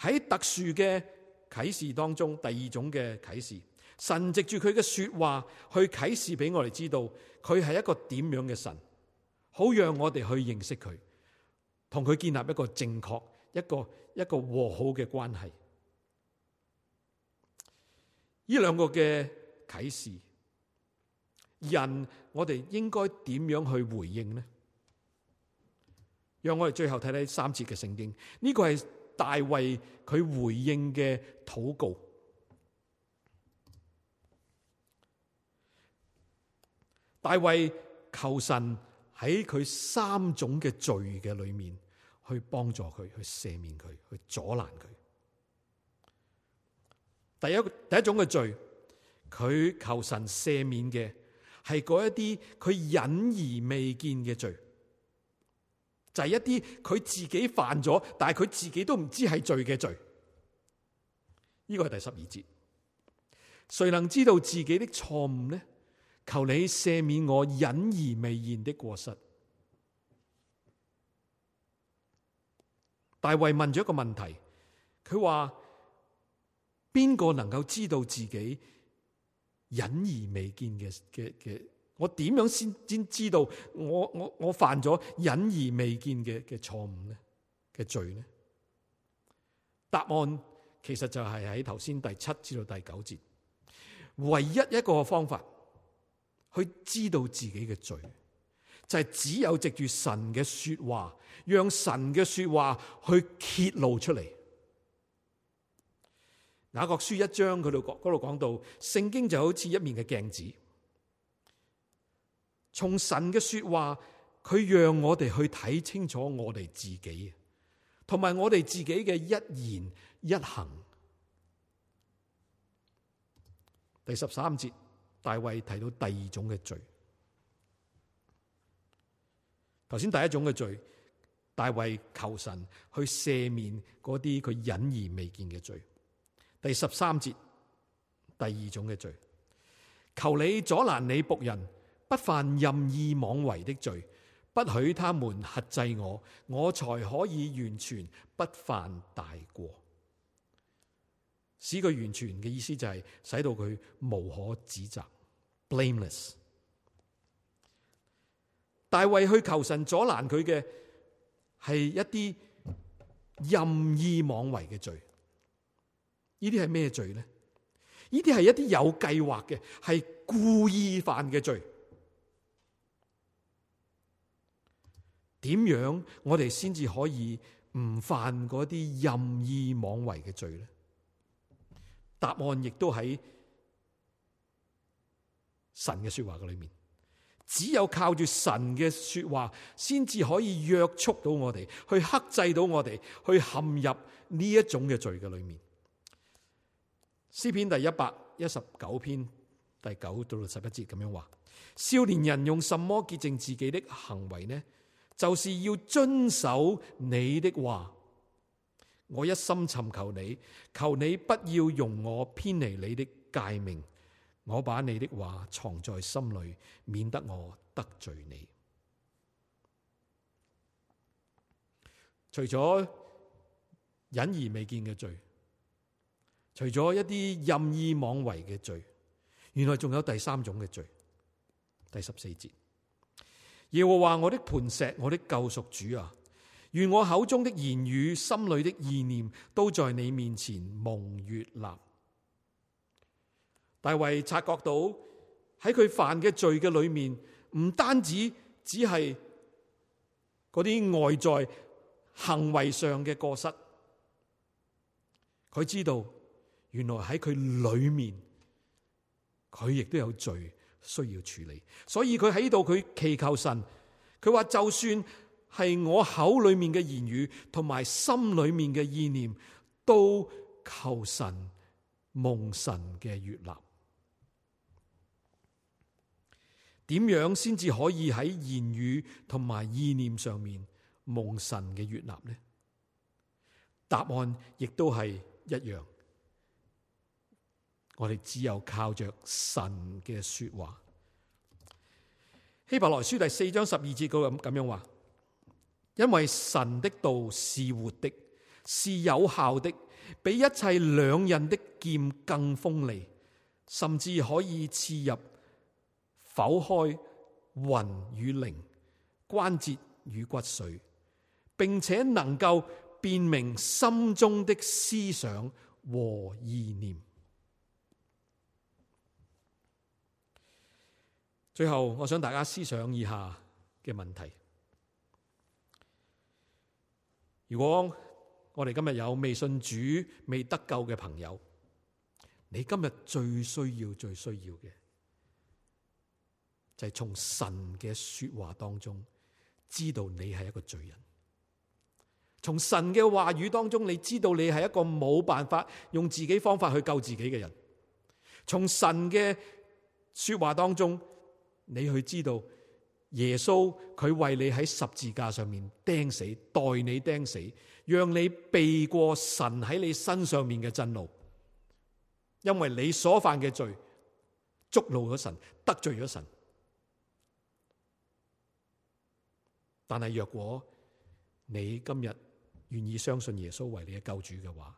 喺特殊嘅啟示當中，第二種嘅啟示，神藉住佢嘅說話去啟示俾我哋知道，佢係一個點樣嘅神，好讓我哋去認識佢，同佢建立一個正確、一個一個和好嘅關係。呢兩個嘅啟示。人，我哋應該點樣去回應呢？讓我哋最後睇睇三節嘅聖經，呢個係大衛佢回應嘅禱告。大衛求神喺佢三種嘅罪嘅裏面去幫助佢，去赦免佢，去阻攔佢。第一第一種嘅罪，佢求神赦免嘅。係嗰一啲佢隱而未見嘅罪，就係、是、一啲佢自己犯咗，但係佢自己都唔知係罪嘅罪。呢個係第十二節。誰能知道自己的錯誤呢？求你赦免我隱而未現的過失。大衛問咗一個問題，佢話：邊個能夠知道自己？隱而未見嘅嘅嘅，我點樣先先知道我我我犯咗隱而未見嘅嘅錯誤咧嘅罪咧？答案其實就係喺頭先第七至到第九節，唯一一個方法去知道自己嘅罪，就係只有藉住神嘅說話，讓神嘅說話去揭露出嚟。雅各書一章佢度度講到聖經就好似一面嘅鏡子，從神嘅說話，佢讓我哋去睇清楚我哋自己，同埋我哋自己嘅一言一行。第十三節，大衛提到第二種嘅罪。頭先第一種嘅罪，大衛求神去赦免嗰啲佢隱而未見嘅罪。第十三節，第二種嘅罪，求你阻攔你僕人不犯任意妄為的罪，不許他們轄制我，我才可以完全不犯大過。使佢完全嘅意思就係使到佢無可指責 （blameless）。大衛去求神阻攔佢嘅係一啲任意妄為嘅罪。呢啲係咩罪咧？呢啲係一啲有計劃嘅，係故意犯嘅罪。點樣我哋先至可以唔犯嗰啲任意妄為嘅罪咧？答案亦都喺神嘅說話嘅裏面。只有靠住神嘅說話，先至可以約束到我哋，去克制到我哋，去陷入呢一種嘅罪嘅裏面。詩篇第一百一十九篇第九到六十一節咁樣話：少年人用什麼潔淨自己的行為呢？就是要遵守你的話。我一心尋求你，求你不要容我偏離你的誡命。我把你的話藏在心裏，免得我得罪你。除咗隱而未見嘅罪。除咗一啲任意妄為嘅罪，原來仲有第三種嘅罪。第十四節，耶和華我的磐石，我的救贖主啊！願我口中的言語、心裏的意念，都在你面前蒙悅納。大衛察覺到喺佢犯嘅罪嘅裏面，唔單止只係嗰啲外在行為上嘅過失，佢知道。原來喺佢裏面，佢亦都有罪需要處理，所以佢喺度佢祈求神，佢話就算係我口裏面嘅言語同埋心裏面嘅意念，都求神蒙神嘅悅納。點樣先至可以喺言語同埋意念上面蒙神嘅悅納呢？答案亦都係一樣。我哋只有靠着神嘅說話，《希伯來書》第四章十二節，佢咁咁樣話：因為神的道是活的，是有效的，比一切兩刃的劍更鋒利，甚至可以刺入、剖開魂與靈、關節與骨髓，並且能夠辨明心中的思想和意念。最後，我想大家思想以下嘅問題：如果我哋今日有未信主、未得救嘅朋友，你今日最需要、最需要嘅就係從神嘅說話當中知道你係一個罪人；從神嘅話語當中，你知道你係一個冇辦法用自己方法去救自己嘅人；從神嘅說話當中。你去知道耶穌佢為你喺十字架上面釘死，代你釘死，讓你避過神喺你身上面嘅震怒，因為你所犯嘅罪觸怒咗神，得罪咗神。但係若果你今日願意相信耶穌為你嘅救主嘅話，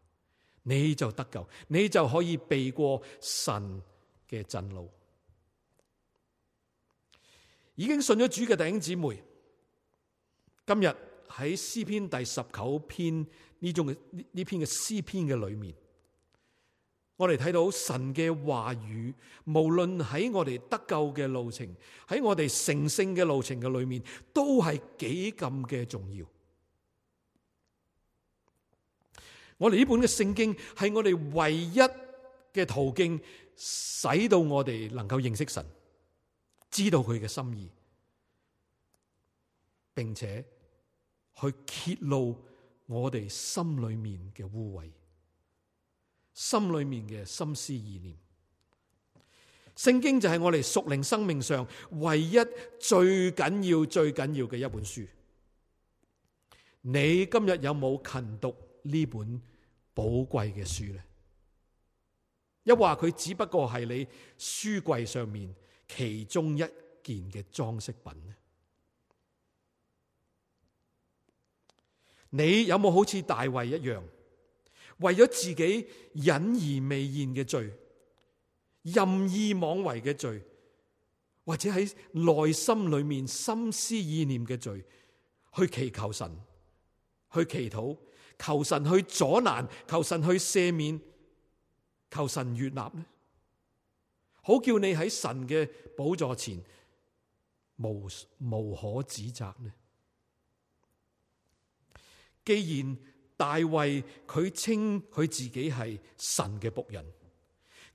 你就得救，你就可以避過神嘅震怒。已經信咗主嘅弟兄姊妹，今日喺詩篇第十九篇呢種呢篇嘅詩篇嘅裏面，我哋睇到神嘅話語，無論喺我哋得救嘅路程，喺我哋成聖嘅路程嘅裏面，都係幾咁嘅重要的。我哋呢本嘅聖經係我哋唯一嘅途徑，使到我哋能夠認識神。知道佢嘅心意，並且去揭露我哋心裏面嘅污穢、心裏面嘅心思意念。聖經就係我哋屬靈生命上唯一最緊要、最緊要嘅一本書。你今日有冇勤讀呢本寶貴嘅書呢？一話佢只不過係你書櫃上面。其中一件嘅裝飾品呢？你有冇好似大衛一樣，為咗自己隱而未現嘅罪，任意妄為嘅罪，或者喺內心裏面心思意念嘅罪，去祈求神，去祈禱，求神去阻攔，求神去赦免，求神悅納呢？好叫你喺神嘅寶座前無無可指責呢？既然大衛佢稱佢自己係神嘅僕人，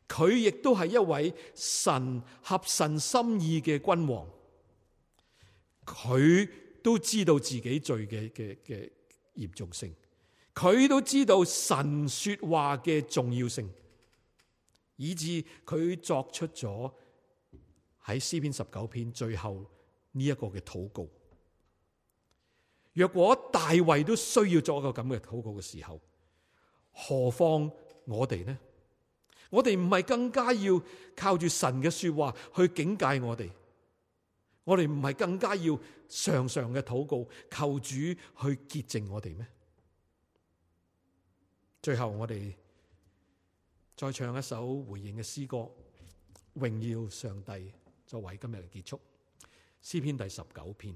佢亦都係一位神合神心意嘅君王，佢都知道自己罪嘅嘅嘅嚴重性，佢都知道神說話嘅重要性。以致佢作出咗喺詩篇十九篇最後呢一個嘅禱告。若果大衛都需要做一個咁嘅禱告嘅時候，何況我哋呢？我哋唔係更加要靠住神嘅說話去警戒我哋，我哋唔係更加要常常嘅禱告，求主去潔淨我哋咩？最後我哋。再唱一首回應嘅詩歌，《榮耀上帝》作為今日嘅結束。詩篇第十九篇。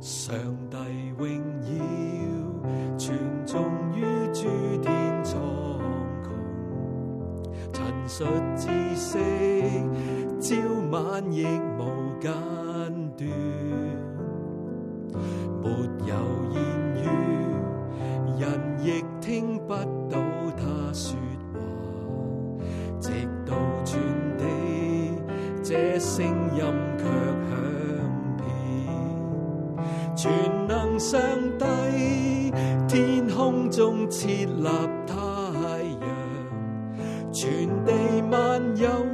上帝榮耀傳頌於諸天蒼穹，陳述知識。朝晚亦無間斷，沒有言語，人亦聽不到他說話。直到傳地這聲音卻響遍。全能上帝，天空中設立太陽，傳地萬有。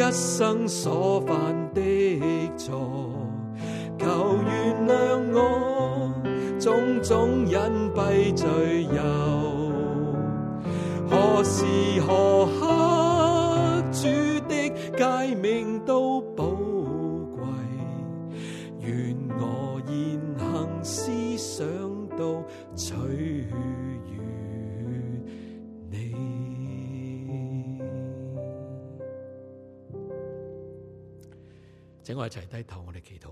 一生所犯的錯，求原諒我種種隱蔽罪由。何時何刻主的誡命都寶貴，願我言行思想都取。請我一齊低頭，我哋祈禱。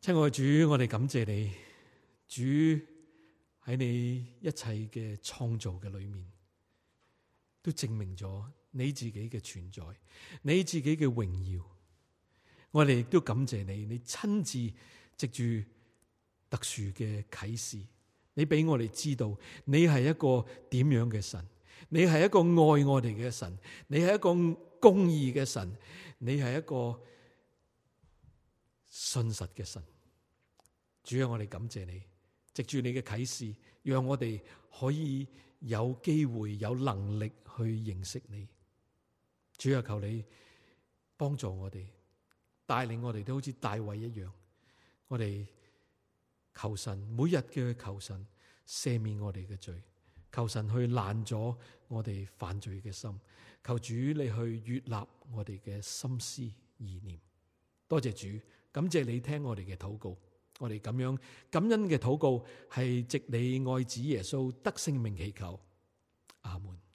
親愛主，我哋感謝你。主喺你一切嘅創造嘅裏面，都證明咗你自己嘅存在，你自己嘅榮耀。我哋亦都感謝你。你親自藉住特殊嘅啟示，你畀我哋知道，你係一個點樣嘅神。你係一個愛我哋嘅神。你係一個公義嘅神。你係一個信實嘅神。主，要我哋感謝你，藉住你嘅啟示，讓我哋可以有機會、有能力去認識你。主，要求你幫助我哋，帶領我哋都好似大衛一樣，我哋求神每日嘅，求神赦免我哋嘅罪，求神去攔阻我哋犯罪嘅心。求主你去悅納我哋嘅心思意念，多謝主，感謝你聽我哋嘅禱告，我哋咁樣感恩嘅禱告係藉你愛子耶穌得生命祈求，阿門。